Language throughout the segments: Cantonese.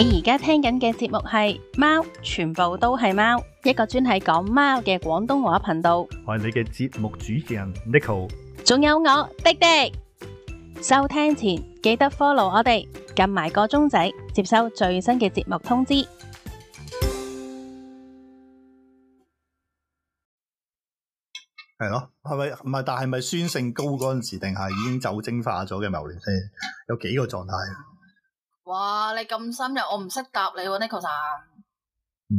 你而家聽緊嘅節目係《貓》，全部都係貓，一個專係講貓嘅廣東話頻道。我係你嘅節目主持人 Neko，仲有我廸廸。收聽前記得 follow 我哋，撳埋個鐘仔，接收最新嘅節目通知。係咯，係咪唔係？但係咪酸性高嗰陣時，定係已經酒精化咗嘅牛奶先？有幾個狀態啊？哇！你咁深入，我唔識答你喎 Neko。嗯，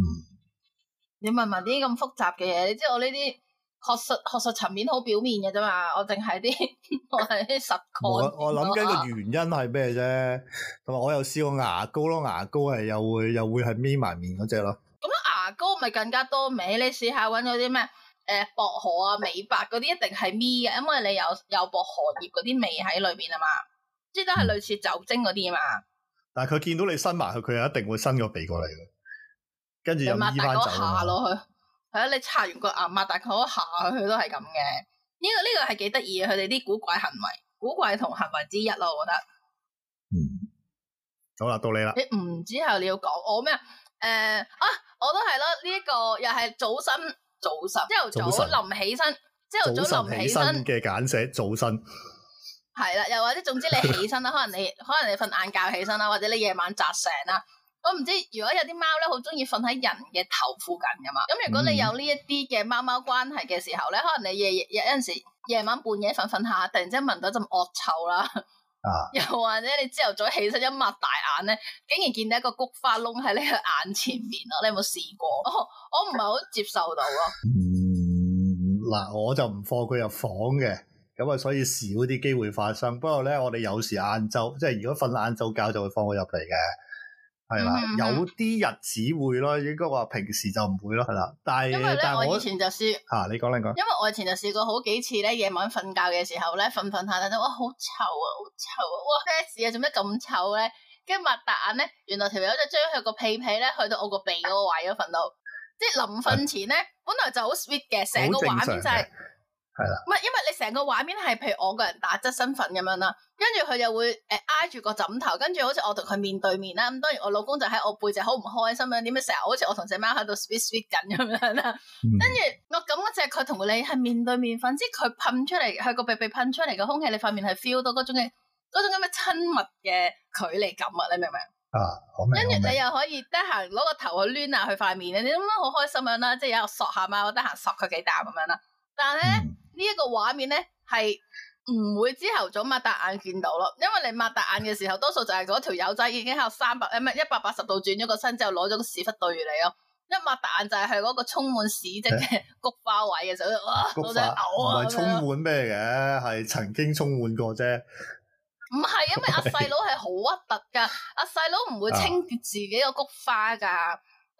你問問啲咁複雜嘅嘢，即係我呢啲學術學術層面好表面嘅啫嘛。我淨係啲我係啲實幹。我我諗緊個原因係咩啫？同埋我又試過牙膏咯，牙膏係又會又會係咪埋面嗰隻咯。咁、嗯、牙膏咪更加多味。你試下搵嗰啲咩誒薄荷啊美白嗰啲，一定係咪嘅，因為你有有薄荷葉嗰啲味喺裏面啊嘛，即係都係類似酒精嗰啲嘛。但係佢見到你伸埋去，佢又一定會伸個鼻過嚟嘅，跟住又依擘大口下落去，係啊！啊你擦完個牙，擘大口下佢都係咁嘅。呢個呢個係幾得意啊！佢哋啲古怪行為，古怪同行為之一咯、啊，我覺得。嗯，好啦，到你啦。你唔之後你要講我咩啊？誒、呃、啊，我都係咯。呢、這、一個又係早身，早身，朝頭早，神早臨起身，朝頭早臨起身。嘅簡寫，早身。係啦，又或者總之你起身啦，可能你 可能你瞓晏覺起身啦，或者你夜晚扎醒啦。我唔知如果有啲貓咧，好中意瞓喺人嘅頭附近噶嘛。咁如果你有呢一啲嘅貓貓關係嘅時候咧，可能你夜有陣時夜晚半夜瞓瞓下，突然之間聞到陣惡臭啦。啊！又或者你朝頭早起身一抹大眼咧，竟然見到一個菊花窿喺你個眼前面咯。你有冇試過？我唔係好接受到咯。嗱、 嗯，我就唔放佢入房嘅。咁啊，所以少啲機會發生。不過咧，我哋有時晏晝，即係如果瞓晏晝覺就會放佢入嚟嘅，係啦。嗯嗯、有啲日子會咯，應該話平時就唔會咯，係啦。因為呢但係，但係我以前就試嚇、啊，你講你講。因為我以前就試過好幾次咧，夜晚瞓覺嘅時候咧，瞓瞓下睇睇，哇，好臭啊，好臭啊，哇咩事啊？做咩咁臭咧？跟住擘大眼咧，原來條友就將佢個屁屁咧去到我個鼻嗰位嗰瞓到，即係臨瞓前咧，啊、本來就好 sweet 嘅，成個畫面就係。係啦，唔係因為你成個畫面係譬如我個人打側身瞓咁樣啦，跟住佢就會誒挨住個枕頭，跟住好似我同佢面對面啦。咁當然我老公就喺我背脊，好唔開心咁樣，點解成日好似我同隻貓喺度 sweet sweet 緊咁樣啦？跟住我咁嗰隻佢同你係面對面，反之佢噴出嚟，佢個鼻鼻噴出嚟嘅空氣，你塊面係 feel 到嗰種嘅嗰種咁嘅親密嘅距離感啊！你明唔明？啊，明。跟住你又可以得閒攞個頭去攣下佢塊面啊！你咁樣好開心咁樣啦，即係有索下我得閒索佢幾啖咁樣啦。但係咧。嗯畫呢一個畫面咧係唔會之後早擘大眼見到咯，因為你擘大眼嘅時候，多數就係嗰條友仔已經有三百，唔係一百八十度轉咗個身之後攞咗個屎忽對住你咯。一擘大眼就係佢嗰個充滿屎跡嘅菊花位嘅時候，哇，我想嘔啊！唔係充滿咩嘅，係曾經充滿過啫。唔係，因為阿細佬係好核突㗎，阿細佬唔會清潔自己個菊花㗎。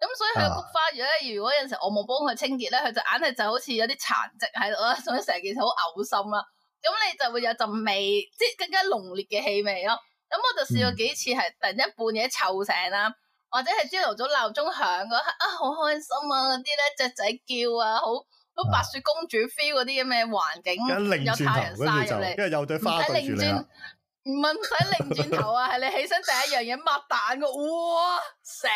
咁所以佢菊花魚咧，如果有陣時我冇幫佢清潔咧，佢就硬係就好似有啲殘跡喺度啦，所以成件事好嘔心啦。咁你就會有陣味，即係更加濃烈嘅氣味咯。咁我就試過幾次係突然間半夜臭醒啦，嗯、或者係朝頭早鬧鐘響嗰刻啊，好開心啊嗰啲咧，雀仔叫啊，好，好白雪公主 feel 嗰啲咁嘅環境，有太陽曬入嚟，跟住有朵花對住你。唔係唔使擰轉頭啊，係你起身第一樣嘢抹蛋嘅，哇醒，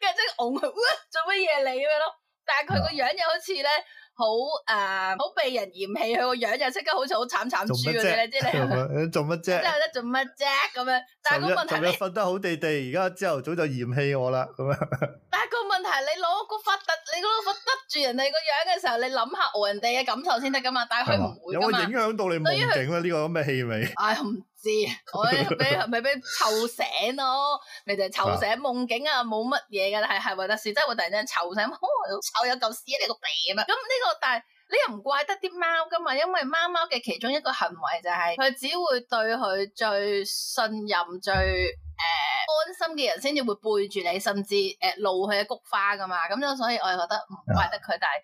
跟住即係㧬佢，哇做乜嘢你咁樣咯？但係佢個樣又好似咧，好、呃、誒，好被人嫌棄，佢個樣又即刻好似好慘慘豬嗰啲咧，即你做乜啫？即係咧做乜啫？咁樣， 你瞓得好地哋，而家朝頭早就嫌棄我啦，但係個問題你攞個發你個老闆得住人哋個樣嘅時候，你諗下人哋嘅感受先得噶嘛？但係佢唔會有冇影響到你夢境啦，呢個咁嘅氣味。唉、哎，唔知，我俾係咪俾臭醒咯？咪就係臭醒夢境啊，冇乜嘢噶，係係為得？殊，即係會突然之間臭醒，哦，臭有嚿屎喺、啊、你、啊這個鼻啊嘛！咁呢個但係你又唔怪得啲貓噶嘛，因為貓貓嘅其中一個行為就係、是、佢只會對佢最信任最。誒、啊，安心嘅人先至會背住你，甚至誒、啊、露佢嘅菊花㗎嘛，咁樣所以我係覺得唔怪得佢，的但係，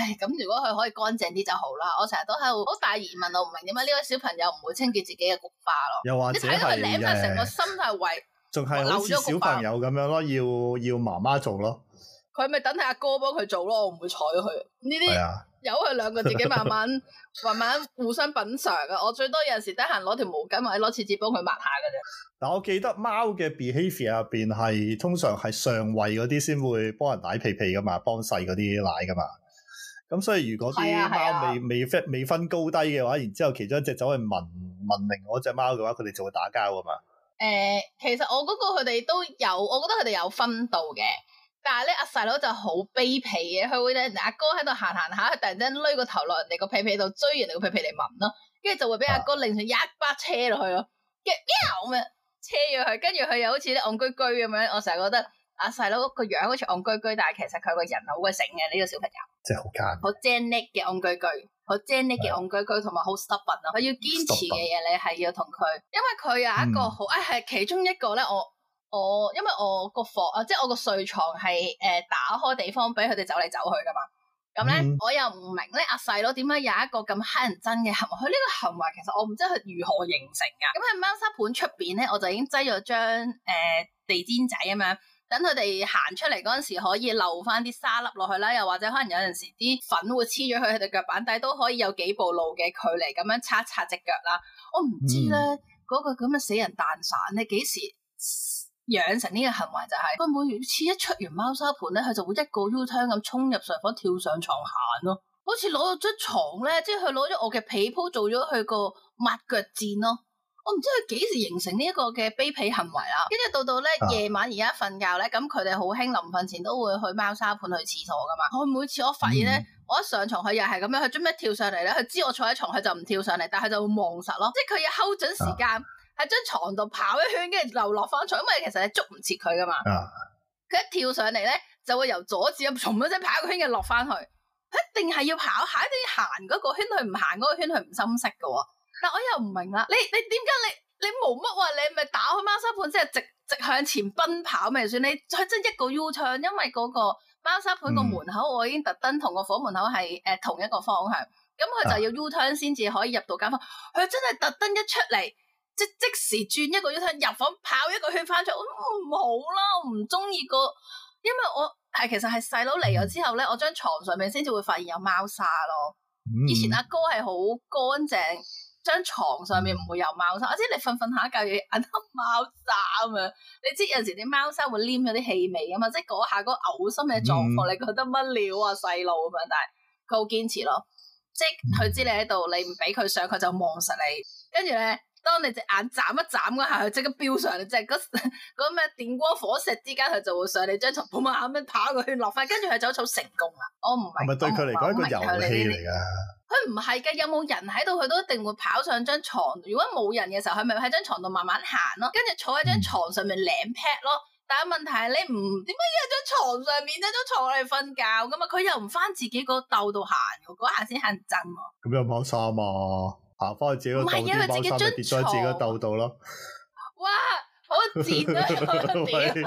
唉，咁如果佢可以乾淨啲就好啦。我成日都喺度，好大疑問，我唔明點解呢位小朋友唔會清潔自己嘅菊花咯，又或者你睇到佢舐晒成個心態為留咗菊花。仲係好似小朋友咁樣咯，要要媽媽做咯，佢咪等下阿哥幫佢做咯，我唔會睬佢呢啲。由佢兩個自己慢慢、慢慢互相品嘗啊！我最多有陣時得閒攞條毛巾或者攞廁紙幫佢抹下噶啫。但我記得貓嘅 behavior 入邊係通常係上位嗰啲先會幫人舐屁屁噶嘛，幫細嗰啲舐噶嘛。咁所以如果啲貓未未分未分高低嘅話，然之後其中一隻走去聞聞另外一隻貓嘅話，佢哋就會打交噶嘛。誒，其實我嗰個佢哋都有，我覺得佢哋有分度嘅。但係咧，阿細佬就好卑鄙嘅，佢會咧，阿哥喺度行行下，佢突然間攞個頭落人哋個屁屁度，追完人哋個屁屁嚟聞咯，跟住就會俾阿哥擰上、啊、一巴車落去咯，跟住咩車咗佢，跟住佢又好似咧戇居居咁樣。我成日覺得阿細佬個樣好似戇居居，但係其實佢個人好鬼醒嘅，呢個小朋友真係好奸，好精叻嘅戇居居，好精叻嘅戇居居，同埋好 stubborn 啊。佢對要堅持嘅嘢你係要同佢，因為佢有一個好，誒係其中一個咧我。我，因為我個房啊，即係我個睡床係誒、呃、打開地方俾佢哋走嚟走去噶嘛。咁咧、嗯、我又唔明咧阿細佬點解有一個咁乞人憎嘅行為？佢呢個行為其實我唔知佢如何形成噶。咁喺貓砂盤出邊咧，我就已經擠咗張誒地氈仔啊嘛。等佢哋行出嚟嗰陣時，可以漏翻啲沙粒落去啦。又或者可能有陣時啲粉會黐咗喺佢哋腳板底，都可以有幾步路嘅距離咁樣擦擦隻腳啦。我唔知咧嗰個咁嘅死人蛋散，你幾時養成呢個行為就係、是、佢每次一出完貓砂盤咧，佢就會一個 U turn 咁衝入上房跳上床行咯、啊，好似攞咗張床咧，即係佢攞咗我嘅被鋪做咗佢個抹腳墊咯。我唔知佢幾時形成呢一個嘅卑鄙行為啦。跟住到到咧夜、啊、晚而家瞓覺咧，咁佢哋好興臨瞓前都會去貓砂盤去廁所噶嘛。我每次我發現咧，嗯、我一上床，佢又係咁樣，佢做咩跳上嚟咧？佢知我坐喺床，佢就唔跳上嚟，但係就會望實咯，即係佢要睺準時間。啊喺張床度跑一圈，跟住流落翻床，因為其實你捉唔切佢噶嘛。佢、啊、一跳上嚟咧，就會由左至右從嗰陣跑一圈，嘅落翻去，佢一定係要跑，係一定要行嗰個圈，佢唔行嗰個圈，佢唔識識噶。但我又唔明啦，你你點解你你冇乜話，你咪打開貓砂盤，即係直直向前奔跑咪算？你佢真一個 U turn 因為嗰個貓砂盤個門口，嗯、我已經特登同個火門口係誒、呃、同一個方向，咁佢就要 U turn 先至可以入到間房。佢真係特登一出嚟。即即時轉一個 U 型入房，跑一個圈翻出，我都唔、嗯、好啦，我唔中意個，因為我係其實係細佬嚟咗之後咧，我張床上面先至會發現有貓砂咯。嗯、以前阿哥係好乾淨，張床上面唔會有貓砂，或者你瞓瞓下一嘢，有啲貓砂咁嘛。你知有陣時啲貓砂會黏咗啲氣味啊嘛，即係嗰下嗰個嘔心嘅狀況，你覺得乜料啊？細路咁樣，但係佢好堅持咯，即係佢知你喺度，你唔俾佢上，佢就望實你，跟住咧。當你隻眼眨一眨嗰下，佢即刻飚上嚟，即係嗰嗰電光火石之間，佢就會上嚟張牀鋪，慢慢跑過去落翻，跟住佢走做成功啦。我唔係，係咪對佢嚟講一個遊戲嚟㗎？佢唔係嘅，有冇人喺度佢都一定會跑上張床。如果冇人嘅時候，佢咪喺張床度慢慢行咯，跟住坐喺張床上面擰劈 a 咯。嗯、但係問題係你唔點解要喺張床上面喺張床嚟瞓覺咁啊？佢又唔翻自己個竇度行，嗰下先係震喎。咁有冇衫啊？啊！翻去自己個竇跌落自己張跌在自己個竇度咯！哇！好賤啊！ 喂，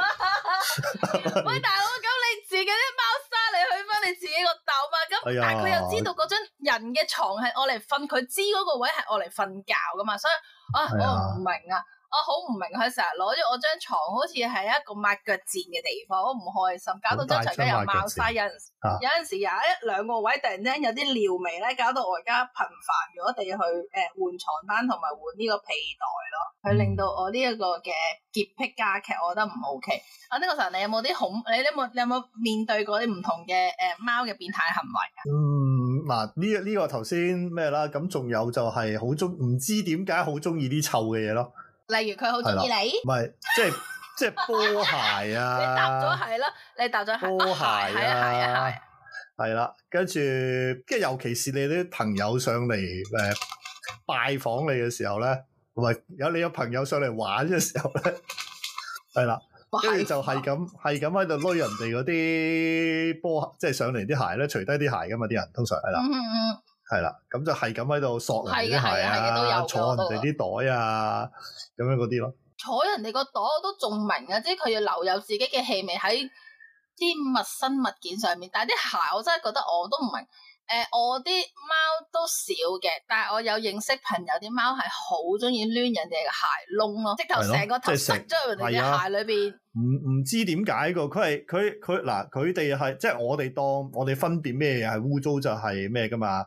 大佬，咁你自己啲貓砂，你去翻你自己個竇嘛？咁但係佢又知道嗰張人嘅床係我嚟瞓，佢知嗰個位係我嚟瞓覺噶嘛？所以啊，哎、呀我唔明啊！我，我好唔明佢成日攞咗我張床，好似係一個抹腳墊嘅地方，我唔開心，搞到張床成日都踎晒，有陣時、啊，有陣時有一兩個位突然之間有啲尿味咧，搞到我而家頻繁咗地去誒換床單同埋換呢個被袋咯，佢、嗯、令到我呢一個嘅潔癖加劇，我覺得唔 ok。啊，呢、這個時候你有冇啲恐？你有冇你有冇面對過啲唔同嘅誒貓嘅變態行為？嗯，嗱呢呢個頭先咩啦？咁、這、仲、個啊、有就係好中唔知點解好中意啲臭嘅嘢咯～例如佢好中意你，唔係即係即係波鞋啊！ 你搭咗係咯，你搭咗波鞋啊，係啊，係係啦，跟住即係尤其是你啲朋友上嚟誒、呃、拜訪你嘅時候咧，同埋有你有朋友上嚟玩嘅時候咧，係啦，跟住就係咁係咁喺度攞人哋嗰啲波即係上嚟啲鞋咧，除低啲鞋噶嘛，啲人通常係啦。係啦，咁就係咁喺度索人啲鞋啊，坐人哋啲袋啊，咁樣嗰啲咯。坐人哋個袋我都仲明啊，即係佢要留有自己嘅氣味喺啲陌生物件上面。但係啲鞋我真係覺得我都唔明。誒、呃，我啲貓都少嘅，但係我有認識朋友啲貓係好中意攣人哋嘅鞋窿咯，直頭成個頭塞咗入人哋啲鞋裏邊。唔唔、啊、知點解嘅，佢係佢佢嗱，佢哋係即係我哋當我哋分辨咩嘢係污糟就係咩㗎嘛？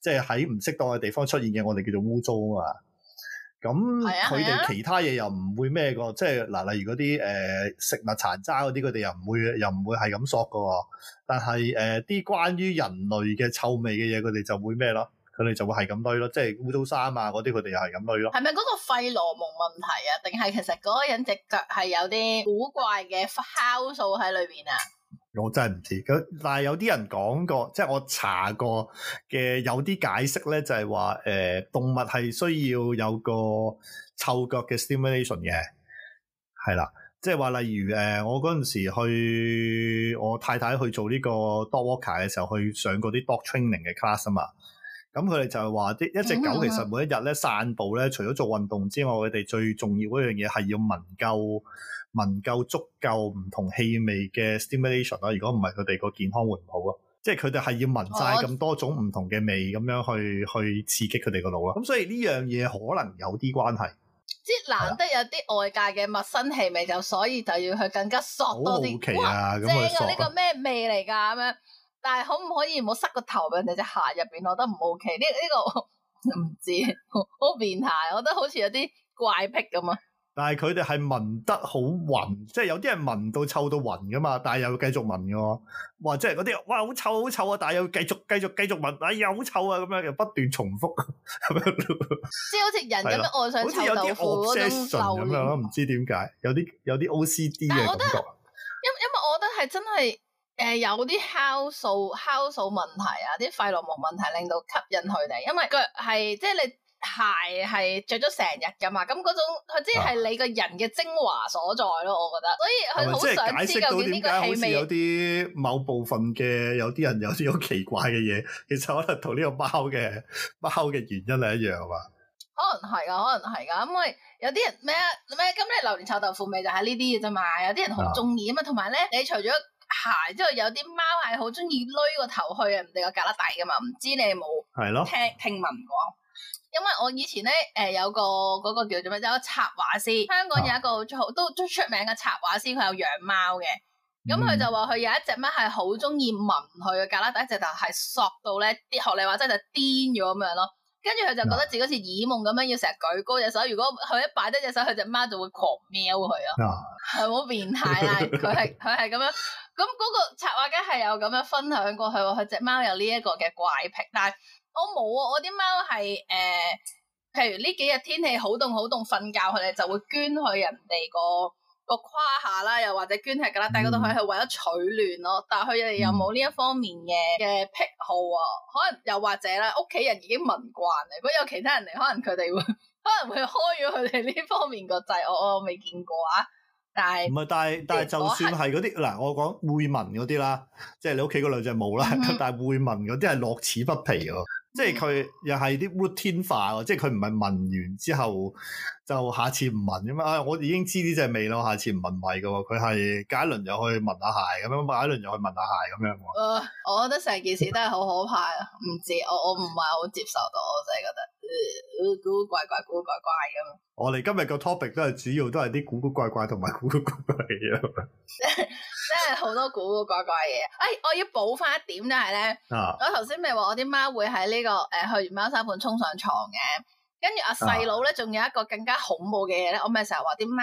即係喺唔適當嘅地方出現嘅，我哋叫做污糟啊嘛。咁佢哋其他嘢又唔會咩個，即係嗱，例如嗰啲誒食物殘渣嗰啲，佢哋又唔會又唔會係咁索噶喎。但係誒啲關於人類嘅臭味嘅嘢，佢哋就會咩咯？佢哋就會係咁濾咯，即係烏糟衫啊嗰啲，佢哋又係咁濾咯。係咪嗰個費洛蒙問題啊？定係其實嗰個人隻腳係有啲古怪嘅酵素喺裏面啊？我真係唔知，咁但係有啲人講過，即係我查過嘅有啲解釋咧，就係話誒動物係需要有個嗅覺嘅 stimulation 嘅，係啦，即係話例如誒、呃、我嗰陣時去我太太去做呢個 dog walker 嘅時候，去上嗰啲 dog training 嘅 class 啊嘛。咁佢哋就係話啲一隻狗其實每一日咧散步咧，除咗做運動之外，佢哋最重要嗰樣嘢係要聞夠聞夠足夠唔同氣味嘅 stimulation 咯。如果唔係佢哋個健康會唔好咯。即係佢哋係要聞晒咁多種唔同嘅味咁樣去去刺激佢哋個腦咯。咁所以呢樣嘢可能有啲關係。即係難得有啲外界嘅陌生氣味，就的所以就要去更加索多啲。好好奇啊！咁啊，呢、呢個咩、啊、味嚟㗎？咁樣。但係可唔可以唔好塞個頭俾人哋隻鞋入邊？了我，我覺得唔 OK。呢呢個唔知好變態，我覺得好似有啲怪癖咁啊。但係佢哋係聞得好暈，即係有啲人聞到臭到暈噶嘛，但係又繼續聞噶。或者係嗰啲哇好臭好臭啊，但係又繼續繼續繼續聞，哎呀好臭啊咁樣，又不斷重複咁樣。即係好似人咁樣愛上臭豆腐嗰種流連咯，唔知點解有啲有啲 OCD 嘅感覺。因因為我覺得係真係。誒、呃，有啲酵素、酵素問題啊，啲快羅膜問題令到吸引佢哋，因為佢係即係你鞋係着咗成日噶嘛，咁嗰種佢即係你個人嘅精華所在咯，啊、我覺得。所以佢好想知究竟呢個氣味有啲某部分嘅，有啲人有啲好奇怪嘅嘢，其實可能同呢個貓嘅貓嘅原因係一樣啊嘛，可能係啊，可能係啊，因為有啲人咩咩咁你榴蓮臭豆腐味就係呢啲嘅咋嘛？有啲人好中意啊嘛，同埋咧，你除咗。係之後有啲貓係好中意攣個頭去人哋個格拉底㗎嘛，唔知你有冇聽的聽,聽聞過？因為我以前咧，誒、呃、有個嗰、嗰個叫做咩，有個插畫師，香港有一個好的都最出名嘅插畫師，佢有養貓嘅，咁、嗯、佢、嗯、就話佢有一隻貓係好中意聞佢嘅格拉底，一隻就係索到咧，學你話真就癲咗咁樣咯。跟住佢就覺得自己好似耳夢咁樣，要成日舉高隻手。如果佢一擺低隻手，佢隻貓就會狂喵佢啊！係好 變態啦！佢係佢係咁樣。咁嗰個策劃家係有咁樣分享過，佢話佢隻貓有呢一個嘅怪癖。但係我冇啊，我啲貓係誒、呃，譬如呢幾日天，天氣好凍好凍，瞓覺佢哋就會捐去人哋個。個夸下啦，又或者捐食噶啦，但係嗰度佢係為咗取暖咯。嗯、但係佢哋又冇呢一方面嘅嘅癖好啊，嗯、可能又或者啦，屋企人已經聞慣啦。如果有其他人嚟，可能佢哋會可能會開咗佢哋呢方面個掣。我我未見過啊。但係唔係，但係但係就算係嗰啲嗱，我講會聞嗰啲啦，即係你屋企嗰兩隻冇啦，嗯、但係會聞嗰啲係樂此不疲喎。即係佢又係啲 routine 化，即係佢唔係聞完之後就下次唔聞咁啊！我已經知呢隻味啦，下次唔聞埋噶喎。佢係隔一輪又去聞下鞋咁樣，隔一輪又去聞下鞋咁樣。我覺得成件事都係好可怕，唔 知，我，我唔係好接受到我覺得。古古怪怪,怪,怪，古古怪怪咁。我哋今日個 topic 都係主要都係啲古古怪怪同埋古古怪怪嘅， 真係好多古古怪怪嘢。哎，我要補翻一點就係咧，啊、我頭先咪話我啲貓會喺呢、這個誒、呃，去完貓砂盆衝上床嘅，跟住阿細佬咧，仲、啊、有一個更加恐怖嘅嘢咧。我咪成日話啲貓，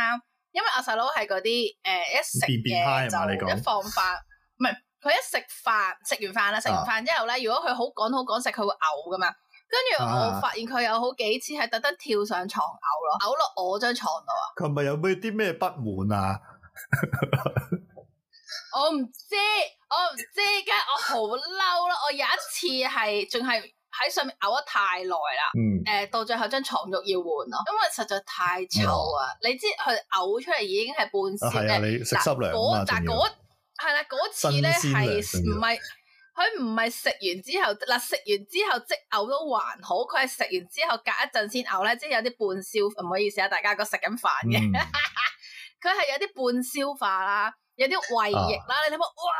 因為阿細佬係嗰啲誒，一食嘢就一放飯，唔係佢一食飯，食完飯啦，食完飯之、啊、後咧，如果佢好趕好趕食，佢會嘔噶嘛。跟住我發現佢有好幾次係特登跳上床嘔咯，嘔落我張床度啊！琴日有冇啲咩不滿啊？我唔知，我唔知，梗係我好嬲咯！我有一次係仲係喺上面嘔得太耐啦，誒、嗯、到最後張床褥要換咯，因為實在太臭、嗯、啊，啊！你知佢嘔出嚟已經係半死咧，嗱嗰嗱嗰係啦嗰次咧係唔係？不佢唔係食完之後嗱，食完之後即嘔都還好，佢係食完之後隔一陣先嘔咧，即係有啲半消，唔好意思啊，大家個食緊飯嘅，佢係、嗯、 有啲半消化啦，有啲胃液啦，啊、你睇下，哇！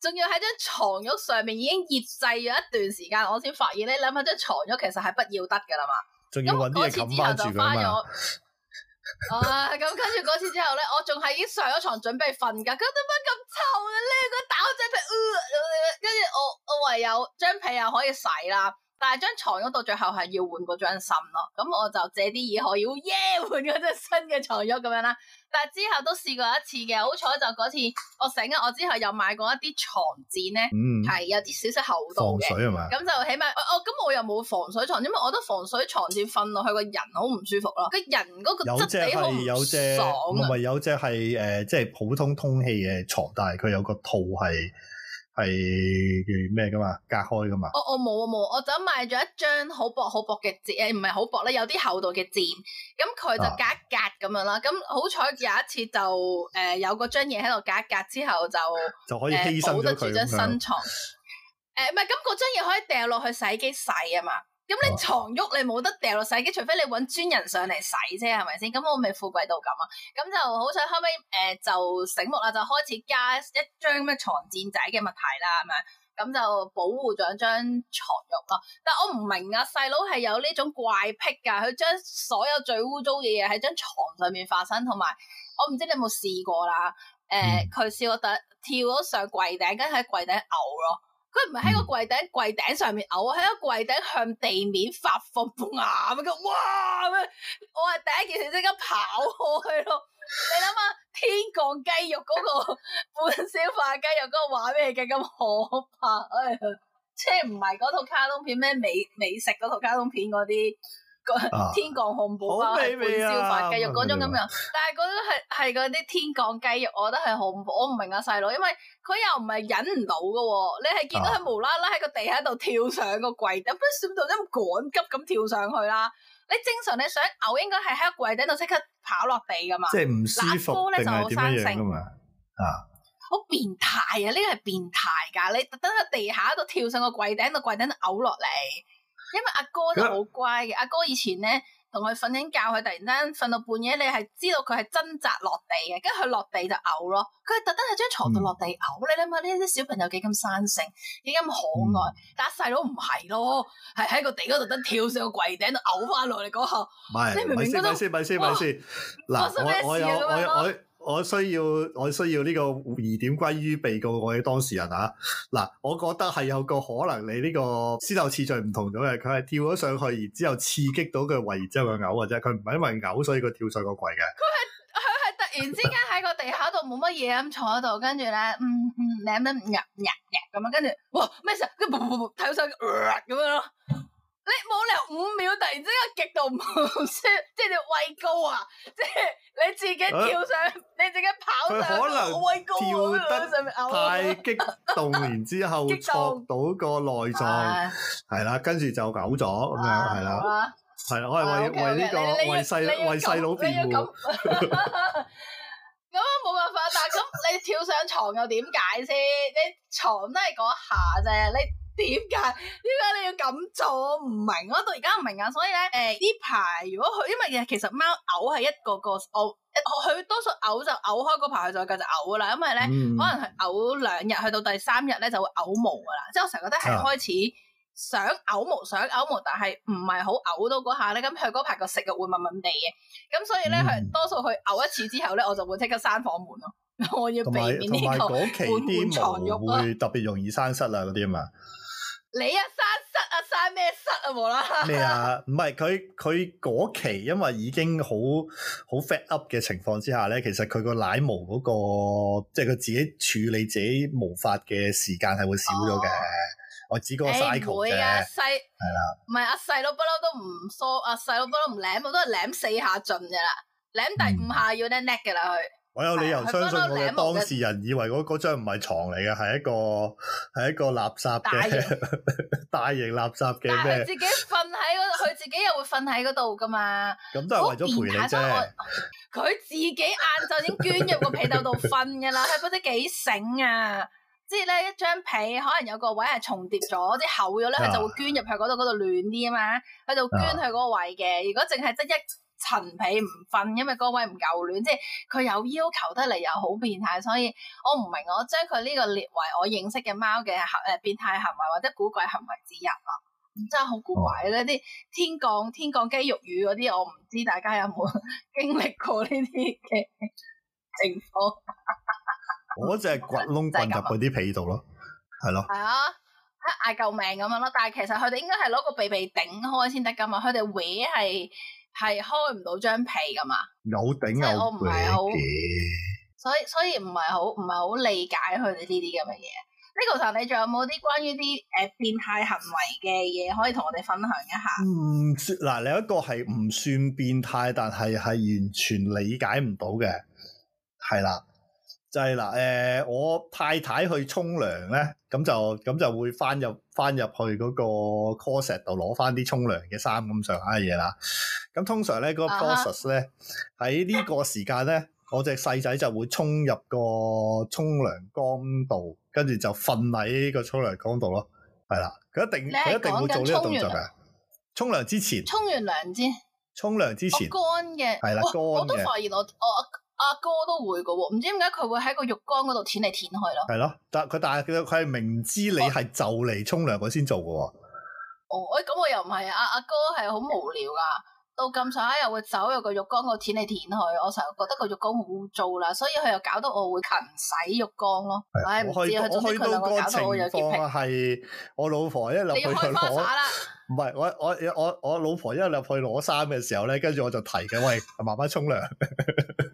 仲要喺張床褥上面已經熱滯咗一段時間，我先發現，你諗下張床褥其實係不要得噶啦嘛，仲要揾你冚翻住嘛。 啊！咁跟住嗰次之後咧，我仲係已經上咗床準備瞓㗎，佢點解咁臭嘅、啊、咧？佢打我張被，跟、呃、住、呃呃、我我唯有張被又可以洗啦。但係張床褥到最後係要換過張新咯，咁我就借啲嘢，可以要換嗰隻新嘅床褥咁樣啦。但係之後都試過一次嘅，好彩就嗰次我醒啊，我之後又買過一啲床墊咧，係、嗯、有啲少少厚度嘅。防水係咪？咁就起碼我我咁我又冇防水床，因為我覺得防水床墊瞓落去個人好唔舒服咯。人個人嗰個質地好爽啊，唔係有隻係誒即係普通通氣嘅床，但係佢有個套係。係咩噶嘛？隔開噶嘛？我我冇啊冇，我就買咗一張好薄好薄嘅氈，誒唔係好薄啦，有啲厚度嘅氈，咁佢就隔一隔咁樣啦。咁、啊、好彩有一次就誒、呃、有嗰張嘢喺度隔一隔之後就就可以保得住張新床。誒唔係，咁嗰張嘢可以掉落去洗衣機洗啊嘛？咁、嗯、你床褥你冇得掉落洗衣機，除非你揾專人上嚟洗啫，係咪先？咁我未富貴到咁啊！咁就好彩後尾誒、呃，就醒目啦，就開始加一張咩床墊仔嘅物體啦，係咪？咁就保護咗張床褥咯。但係我唔明啊，細佬係有呢種怪癖噶，佢將所有最污糟嘅嘢喺張床上面發生，同埋我唔知你有冇試過啦。誒、呃，佢試過特跳咗上櫃頂，跟住喺櫃頂嘔咯。佢唔係喺個櫃頂，櫃頂上面嘔啊！喺個櫃頂向地面發放牙咁，哇咩！我係第一件事即刻跑開咯。你諗下，天降雞肉嗰、嗰個半消化雞肉嗰個畫咩嘅咁可怕啊、哎！即係唔係嗰套卡通片咩美美食嗰套卡通片嗰啲？天降漢堡包喺半燒飯，雞、啊、肉嗰、啊、種咁樣，啊、但係嗰種係係啲天降雞肉，我覺得係恐怖，我唔明啊細路，因為佢又唔係忍唔到噶，你係見到佢、啊、無啦啦喺個地下度跳上個櫃頂，啊、不算到都趕急咁跳上去啦。你正常你想嘔，應該係喺個櫃頂度即刻跑落地噶嘛，即係唔舒服定係點樣噶嘛？啊，好變態啊！呢、這個係變態噶，你特登喺地下度跳上個櫃頂，個櫃頂嘔落嚟。因為阿哥就好乖嘅，阿哥以前咧同佢瞓緊覺，佢突然間瞓到半夜，你係知道佢係掙扎落地嘅，跟住佢落地就嘔咯，佢係特登喺張床度落地嘔，嗯、你諗下呢啲小朋友幾咁生性，幾咁可愛，嗯、但係細佬唔係咯，係喺個地嗰度得跳上個櫃頂度嘔翻落嚟嗰下，唔係，唔明先，唔係先，唔係先，唔係先，嗱、啊，我我有我，我，我，我，我，我我需要我需要呢個疑點歸於被告的我嘅當事人啊！嗱，我覺得係有個可能，你呢個先頭次序唔同咗嘅，佢係跳咗上去，然之後刺激到佢胃之後佢嘔，或者佢唔係因為嘔所以佢跳上個櫃嘅。佢係佢係突然之間喺個地下度冇乜嘢咁坐喺度，跟住咧，嗯，嗯，咩蚊，咩咁樣，跟住哇咩事？跟住噗跳上嚟咁樣咯。你冇理由五秒突然之間極度唔舒服，即係畏高啊！即係你自己跳上，你自己跑上，可能，畏高啊！跳得太激動，然之後錯到個內臟，係啦，跟住就嘔咗咁樣，係啦，係啦，我係為為呢個為細為細佬咁，咁啊，冇辦法，但咁你跳上床又點解先？你床都係嗰下啫，你。點解？點解你要咁做？唔明，我到而家唔明啊！所以咧，誒呢排如果佢，因為其實貓嘔係一個個嘔，我佢多數嘔就嘔開嗰排，佢就嚿就嘔噶啦。因為咧，嗯、可能係嘔兩日，去到第三日咧就會嘔毛噶啦。即係我成日覺得係開始想嘔毛，啊、想嘔毛，但係唔係好嘔到嗰下咧。咁佢嗰排個食欲會慢慢地嘅，咁所以咧佢多數佢嘔一次之後咧，我就會即刻閂房門咯。我要避免呢個滿滿床。同埋嗰期啲毛會特別容易生虱啊，嗰啲啊嘛。你啊，生虱啊，生咩虱啊，冇啦？咩啊？唔係佢佢嗰期，因為已經好好 fat up 嘅情況之下咧，其實佢個奶毛嗰、嗰個即係佢自己處理自己毛髮嘅時間係會少咗嘅。哦、我指個 cycle 啫、哎，係啦、啊，唔係阿細佬不嬲、啊、都唔梳，阿細佬不嬲唔舐，我都係舐四下盡嘅啦，舐第五下要咧 net 嘅啦，佢、嗯。我有理由相信我哋當事人以為嗰嗰張唔係床嚟嘅，係一個係一個垃圾嘅大，型 大型垃圾嘅咩？自己瞓喺嗰度，佢自己又會瞓喺嗰度噶嘛？咁都係為咗陪你啫。佢自己晏晝已經捐入個被斗度瞓噶啦，佢不知幾醒啊！即係咧一張被，可能有個位係重疊咗，啲厚咗咧，佢就會捐入去嗰度，嗰度暖啲啊嘛，佢就捐去嗰個位嘅。如果淨係得一。陳皮唔瞓，因為嗰位唔夠暖，即係佢有要求得嚟又好變態，所以我唔明，我將佢呢個列為我認識嘅貓嘅行誒，變態行為或者古怪行為之一！啊！真係好古怪，嗰啲，天降天降雞肉雨，嗰啲，我唔知大家有冇經歷過呢啲嘅情況？我嗰隻掘窿棍，入去啲被度咯，係咯。係啊，吓，嗌、啊、救命咁樣咯，但係其實佢哋應該係攞個鼻鼻頂開先得噶嘛，佢哋搲係。係開唔到張被噶嘛，有即係我唔係好，所以所以唔係好唔係好理解佢哋呢啲咁嘅嘢。呢個時候，你仲有冇啲關於啲誒變態行為嘅嘢可以同我哋分享一下？唔、嗯、算嗱，另一個係唔算變態，但係係完全理解唔到嘅，係啦。就係啦，誒，我太太去沖涼咧，咁就咁就會翻入翻入去嗰個 closet 度攞翻啲沖涼嘅衫咁上下嘅嘢啦。咁通常咧嗰個 process、啊、s 咧喺呢個時間咧，我隻細仔就會沖入個沖涼缸度，跟住就瞓喺個沖涼缸度咯。係啦，佢一定佢是一定會做呢個動作嘅。沖涼之前，沖完涼先。沖涼之前乾嘅，係啦，乾嘅。我都發現我我。阿哥都會噶，唔知點解佢會喺個浴缸嗰度舔嚟舔去咯。係咯，但佢但係佢佢係明知你係就嚟沖涼，佢先做噶。哦，誒、哎，咁我又唔係啊。阿哥係好無聊噶，到咁上下又會走入個浴缸度舔嚟舔去。我成日覺得個浴缸好污糟啦，所以佢又搞到我會勤洗浴缸咯。唉，唔知佢仲佢搞到我有潔癖。係我老婆一入去攞，要啦。唔係我我我我老婆一入去攞衫嘅時候咧，跟住我就提緊，喂，慢慢沖涼。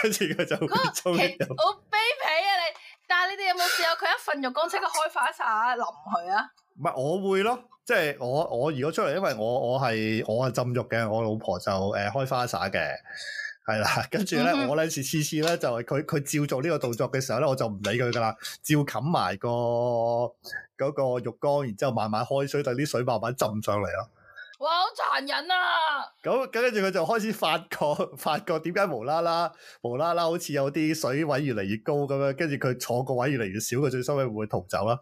跟住佢就好 卑鄙啊你！但係你哋有冇試過佢一份浴缸，即刻開花灑淋佢啊？唔係我會咯，即係我我如果出嚟，因為我我係我係浸浴嘅，我老婆就誒、呃、開花灑嘅，係啦。跟住咧，嗯、哼我咧次次次咧，就佢佢照做呢個動作嘅時候咧，我就唔理佢噶啦，照冚埋、個嗰、個浴缸，然之後慢慢開水，等啲水慢慢浸上嚟咯。哇！好殘忍啊！咁跟住佢就開始發覺，發覺點解無啦啦、無啦啦，好似有啲水位越嚟越高咁樣，跟住佢坐個位越嚟越少，佢最收尾會逃走啦？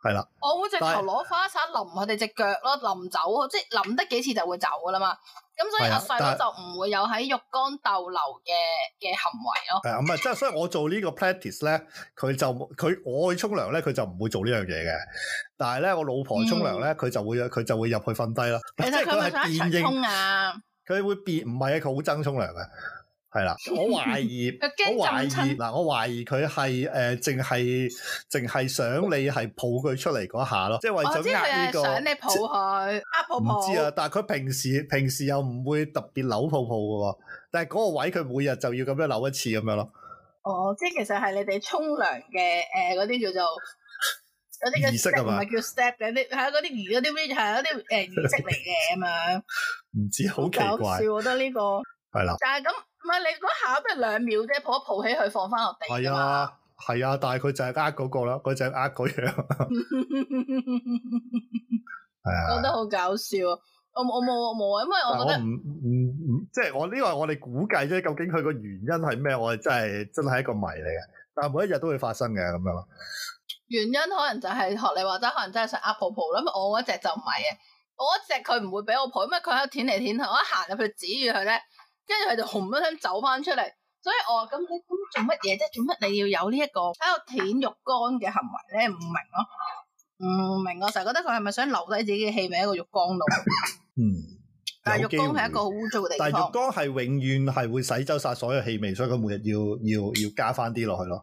係啦，我會直頭攞花灑是淋佢哋隻腳咯，淋走即係淋得幾次就會走噶啦嘛。咁所以阿細哥就唔會有喺浴缸逗留嘅嘅行為咯。係啊，唔係即係，所以我做個呢個 practice 咧，佢就佢我去沖涼咧，佢就唔會做呢樣嘢嘅。但係咧，我老婆沖涼咧，佢、嗯、就會佢就會入去瞓低咯。即係佢係變應啊，佢會變唔係啊，佢好憎沖涼嘅。係啦，我懷疑，我懷疑，嗱，我懷疑佢係誒，淨係淨係想你係抱佢出嚟嗰下咯，即係為咗想你抱佢，唔知啊，但係佢平時平時又唔會特別扭泡泡嘅喎，但係嗰個位佢每日就要咁樣扭一次咁樣咯。哦，即係其實係你哋沖涼嘅誒，嗰啲叫做嗰啲儀式啊嘛，唔係叫 step 嘅，係啊，嗰啲嗰啲係啊，嗰啲誒儀式嚟嘅咁樣。唔知好奇怪，我覺得呢個係啦，但係咁。唔係你嗰下都係兩秒啫，抱一抱起佢放翻落地啊嘛係啊，係啊，但係佢就係呃嗰個啦，佢就係呃嗰樣。係啊，覺得好搞笑啊！我我冇我冇啊，因為我覺得唔唔、嗯、即係我呢個我哋估計啫，究竟佢個原因係咩？我哋真係真係一個謎嚟嘅。但係每一日都會發生嘅咁樣。原因可能就係學你話齋，可能真係想呃抱抱啦。我嗰隻就唔係嘅，我嗰隻佢唔會俾我抱，因為佢喺度舔嚟舔去，我一行入去指住佢咧。跟住佢就紅咗聲走翻出嚟，所以我話咁、哦、你咁做乜嘢啫？做乜你要有呢、這、一個喺度舔浴缸嘅行為咧？唔明咯、哦，唔明，我成日覺得佢係咪想留低自己嘅氣味喺個浴缸度？嗯，但係浴缸係一個好污糟嘅地方。但浴缸係永遠係會洗走晒所有氣味，所以佢每日要要要加翻啲落去咯。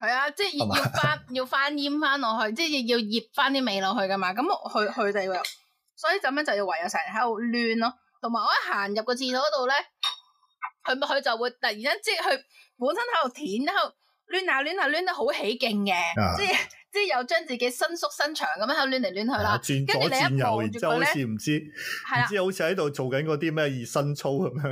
係啊，即、就、係、是、要是是要翻要翻醃翻落去，即、就、係、是、要要醃翻啲味落去噶嘛？咁佢佢就要，所以咁樣就要唯有成日喺度亂咯。同埋我一行入個廁所度咧。呢佢咪佢就會突然間，即係佢本身喺度舔，喺度亂下亂下亂得好起勁嘅，即係即係又將自己伸縮伸長咁樣喺度亂嚟亂去啦。跟住、啊、你一望住佢咧，係啊，的好似喺度做緊嗰啲咩熱身操咁樣的。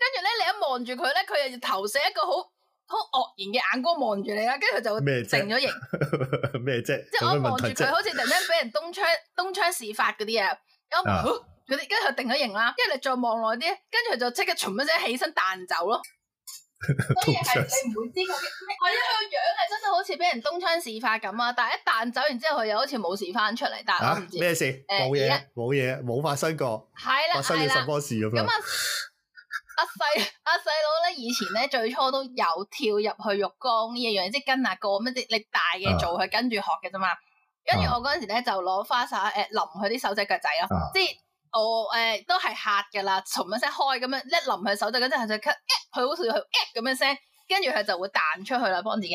跟住咧，你一望住佢咧，佢又要投射一個好好愕然嘅眼光望住你啦，跟住佢就靜咗型，咩啫？ 即係是我望住佢， 好似突然間俾人東窗東窗事發嗰啲啊！我 佢跟住佢定咗型啦，跟住你再望耐啲，跟住佢就即刻嘈一聲起身彈走咯。所以係你唔會知佢嘅，我依佢個樣係真係好似俾人東窗事發咁啊！但係一彈走完之後，佢又好似冇事翻出嚟，但係唔知咩事？冇嘢，冇嘢，冇發生過。係啦，發生咗咩事咁啊？阿細阿細佬咧，以前咧最初都有跳入去浴缸，一樣即跟阿哥乜啲力大嘅做，佢跟住學嘅啫嘛。跟住我嗰陣時咧，就攞花灑誒淋佢啲手仔腳仔咯，即係。哦，誒，oh, eh, 都係吓噶啦，從一聲開咁樣一臨佢手,手就嗰即係就吸，佢好似佢咁樣聲，跟住佢就會彈出去啦，幫自己。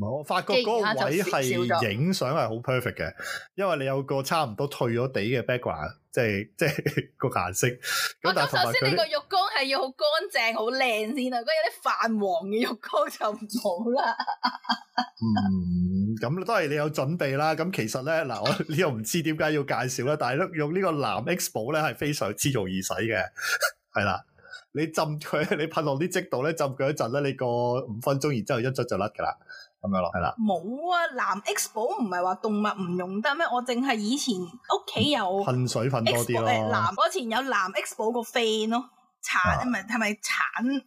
我發覺嗰個位係影相係好 perfect 嘅，因為你有個差唔多退咗底嘅 background，即係即係個顏色。我諗首先你個浴缸係要好乾淨、好靚先啊，如果有啲泛黃嘅浴缸就唔好啦。 嗯，咁都係你有準備啦。咁其實咧，嗱，我你又唔知點解要介紹咧， 但係用呢個藍 X 寶咧係非常之容易使嘅，係 啦。你浸佢，你噴落啲積度咧，浸佢一陣咧，你過五分鐘，然之後一捽就甩噶啦。咁樣咯，係啦，冇啊！藍 X 寶唔係話動物唔用得咩？我淨係以前屋企有噴水粉多啲咯。藍前有藍 X 寶個 fan 咯，啊、係係橙唔係咪橙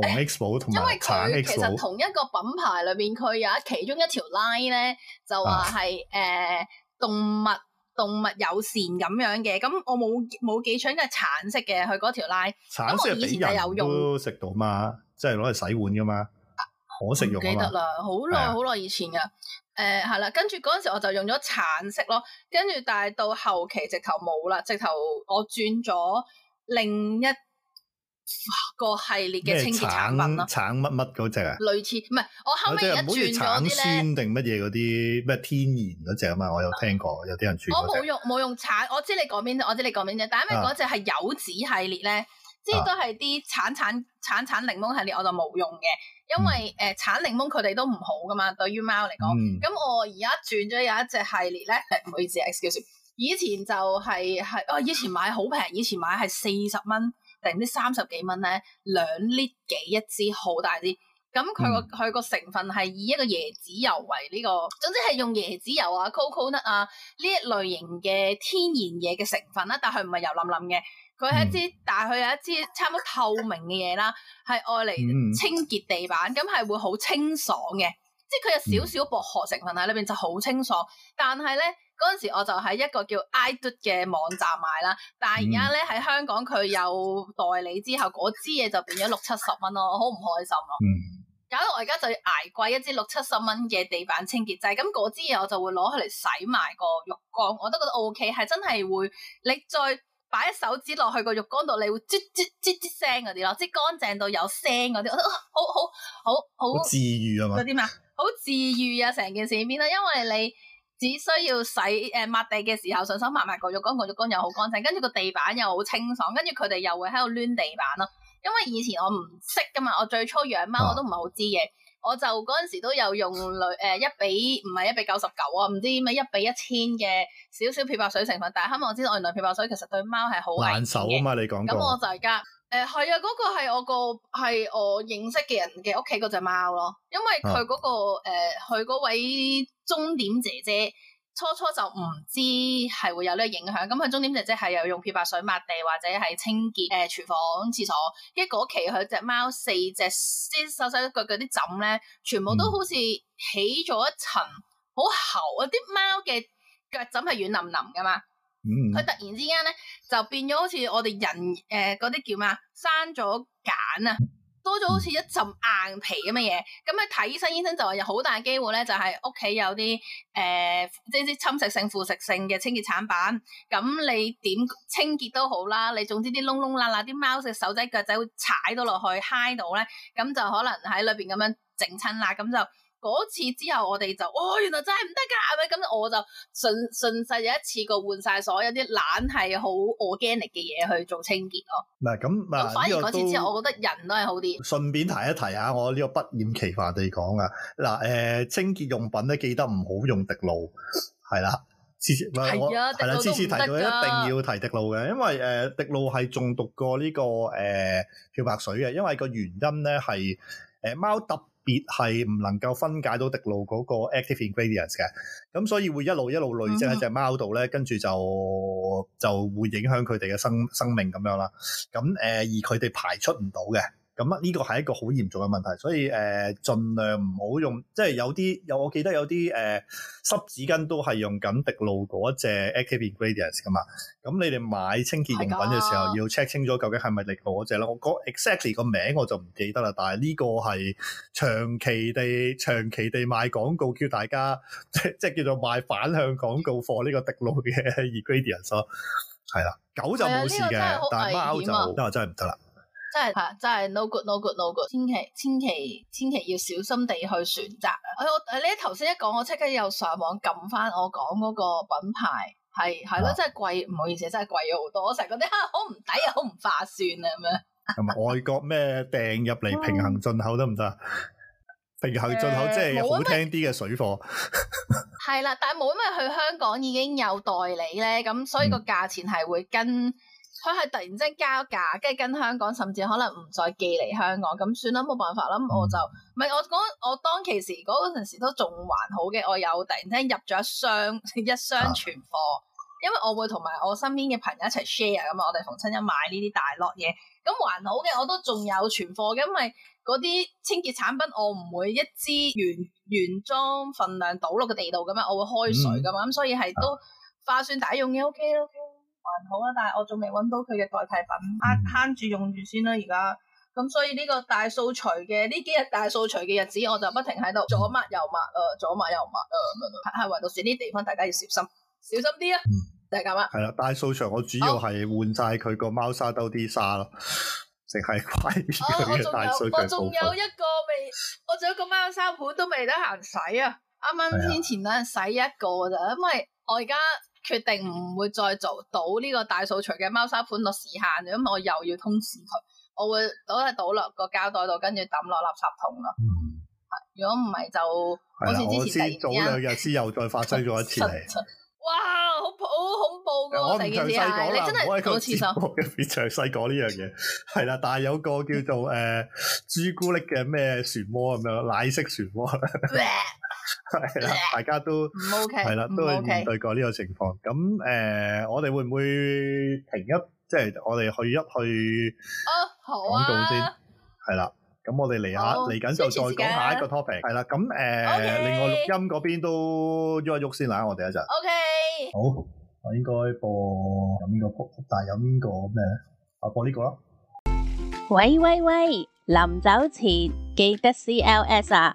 紅 X 寶同橙 X 寶？因為佢其實同一個品牌裏面，佢有一其中一條 line 咧，就話係誒動物動物友善咁樣嘅。咁我冇冇幾搶，即係橙色嘅佢嗰條 line。橙色以前都有用，都食到嘛，即係攞嚟洗碗噶嘛。可食用唔記得啦，好耐好耐以前噶，誒係啦，跟住嗰陣時我就用咗橙色咯，跟住但係到後期直頭冇啦，直頭我轉咗另一個系列嘅清潔產品啦，橙乜乜嗰隻啊？類似唔係，我後尾轉咗啲咧，定乜嘢嗰啲咩天然嗰隻啊？嘛，我有聽過有啲人轉，我冇用冇用橙，我知你講邊隻，我知你講邊隻，但係因為嗰隻係柚子系列咧。啲都係啲橙橙橙橙，橙、嗯呃、橙檸檬系列我就冇用嘅，因為誒橙檸檬佢哋都唔好噶嘛，對於貓嚟講。咁、嗯、我而家轉咗有一隻系列咧，唔好意思 excuse me。以前就係係哦，以前買好平，以前買係四十蚊定唔知三十幾蚊咧，兩 lit 幾一支，好大支。咁佢個佢個成分係以一個椰子油為呢、呢個，總之係用椰子油啊、coconut 啊呢一類型嘅天然嘢嘅成分啦，但佢唔係油淋淋嘅。佢係一支，但係佢有一支、嗯、差唔多透明嘅嘢啦，係愛嚟清潔地板，咁係、嗯、會好清爽嘅，即係佢有少少薄荷成分喺裏邊，嗯、就好清爽。但係咧，嗰陣時我就喺一個叫 i d o 嘅網站買啦，但係而家咧喺香港佢有代理之後，嗰支嘢就變咗六七十蚊咯，好唔開心咯、啊。嗯、搞到我而家就要捱貴一支六七十蚊嘅地板清潔劑，咁嗰支嘢我就會攞佢嚟洗埋個浴缸，我都覺得 O K，係真係會你再。擺手指落去個浴缸度，你會吱吱啜啜聲嗰啲咯，即係乾淨到有聲嗰啲，我覺得好好好好。治愈系、啊、嘛？嗰啲咩？好治愈啊！成件事變啦，因為你只需要洗誒抹、呃、地嘅時候，順手抹埋個浴缸，個浴，浴缸又好乾淨，跟住個地板又好清爽，跟住佢哋又會喺度攣地板咯。因為以前我唔識㗎嘛，我最初養貓我都唔係好知嘅。啊。我就嗰陣時都有用類誒一比唔係一比九十九啊，唔知咩一比一千嘅少少漂白水成分，但係後尾我知道原來漂白水其實對貓係好難受啊嘛，你講過，咁我就加誒係啊，嗰、那個係我個係我認識嘅人嘅屋企嗰隻貓咯，因為佢嗰、那個誒佢嗰位鐘點姐姐。初初就唔知係會有呢個影響，咁佢終點就即係又用漂白水抹地或者係清潔誒廚、呃、房、廁所，跟住嗰期佢隻貓四隻啲細細個個啲腳枕咧，全部都好似起咗一層好厚啊！啲貓嘅腳枕係軟腍腍㗎嘛，佢、嗯嗯、突然之間咧就變咗好似我哋人誒嗰啲叫咩啊，生咗繭啊！多咗好似一浸硬皮咁嘅嘢，咁去睇醫生，醫生就話有好大機會咧、呃，就係屋企有啲誒，即係啲侵蝕性、腐蝕性嘅清潔產品，咁你點清潔都好啦，你總之啲窿窿罅罅，啲貓隻手仔腳仔會踩到落去嗨到咧，咁就可能喺裏邊咁樣整親啦，咁就。嗰次之後我哋就哦，原來真係唔得噶，係咪咁？我就順順勢有一次過換晒所有啲懶係好 organic 嘅嘢去做清潔咯。唔係咁，反而嗰次之後，我覺得人都係好啲。順便提一提下、啊，我呢個不厭其煩地講啊，嗱、呃、誒，清潔用品咧記得唔好用滴露，係 啦， 次次係啦，次次提到一定要提滴露嘅，因為誒滴露係中毒過呢、這個誒漂、呃、白水嘅，因為個原因咧係誒貓突。貓貓別係唔能夠分解到滴露嗰個 active ingredients 嘅，咁所以會一路一路累積喺隻貓度咧，跟住就就會影響佢哋嘅生生命咁樣啦。咁誒、呃，而佢哋排出唔到嘅。咁呢個係一個好嚴重嘅問題，所以誒、呃，盡量唔好用，即係有啲有我記得有啲誒、呃、濕紙巾都係用緊滴露嗰隻 active ingredients 噶嘛。咁你哋買清潔用品嘅時候的、啊、要 check 清咗究竟係咪滴露嗰隻啦。我講 exactly 個名我就唔記得啦，但係呢個係長期地長期地賣廣告，叫大家即即叫做賣反向廣告貨呢個滴露嘅 ingredients 咯。係啦，狗就冇事嘅，這個啊、但係貓就、啊、真係唔得啦。真係吓，真係 no good no good no good，千祈千祈千祈要小心地去選擇。哎，我誒你頭先一講，我即刻又上網撳翻我講嗰個品牌，係係咯，哇真係貴，唔好意思，真係貴咗好多。我成日覺得好唔抵又好唔划算啊咁樣。同埋外國咩訂入嚟平行進口得唔得啊？嗯、平行進口即係、呃、好聽啲嘅水貨。係啦沒， 但係冇咩去香港已經有代理咧，咁所以個價錢係會跟。佢係突然之間加價，跟住跟香港甚至可能唔再寄嚟香港，咁算啦，冇辦法啦。咁我就唔係我我當其時嗰陣、那個、時都仲還，還好嘅，我有突然之間入咗一箱一箱存、啊嗯、存貨，因為我會同埋我身邊嘅朋友一齊 share 咁啊，我哋逢親一買呢啲大落嘢，咁還好嘅，我都仲有存貨嘅，因為嗰啲清潔產品我唔會一支原原裝份量倒落個地度嘅嘛，我會開水噶嘛，咁、嗯、所以係都、啊、化算大用嘅，OK OK。還好啦，但係我仲未搵到佢嘅代替品，慳慳住用住先啦而家。咁所以呢個大掃除嘅呢幾日大掃除嘅日子，我就不停喺度左抹右抹，誒，左抹右抹，誒，係係，尤其呢啲地方，大家要小心，小心啲啊！就係、是、咁啊，係啦，大掃除我主要係換晒佢個貓砂兜啲沙咯，淨係好怪佢嘅大掃除部分、啊、我仲有，有一個未，我仲有一個貓砂盤都未得閒洗啊！啱啱先前兩日洗一個咋，因為我而家。決定唔會再做倒呢個大掃除嘅貓砂盤個時限，咁我又要通知佢，我會倒嚟倒落個膠袋度，跟住抌落垃圾桶咯。如果唔係就，好似之前啊，我先早兩日先又再發生咗一次嚟， 哇，好恐好恐怖噶，成件事啊，你真係好黐手，是我別詳細講呢樣嘢，係啦，但係有個叫做誒朱古力嘅咩漩渦咁樣，奶色漩渦。係啦，大家都係啦，都係面對過呢個情況。咁誒，我哋會唔會停一即係我哋去一去講到先？係啦，咁我哋嚟下嚟緊就再講下一個 topic。係啦，咁誒，另外錄音嗰邊都喐一喐先啦，我哋一陣。OK，好，我應該播呢個曲，但係有邊個咩咧？我播呢個囉。喂喂喂，臨走前記得 CLS 啊！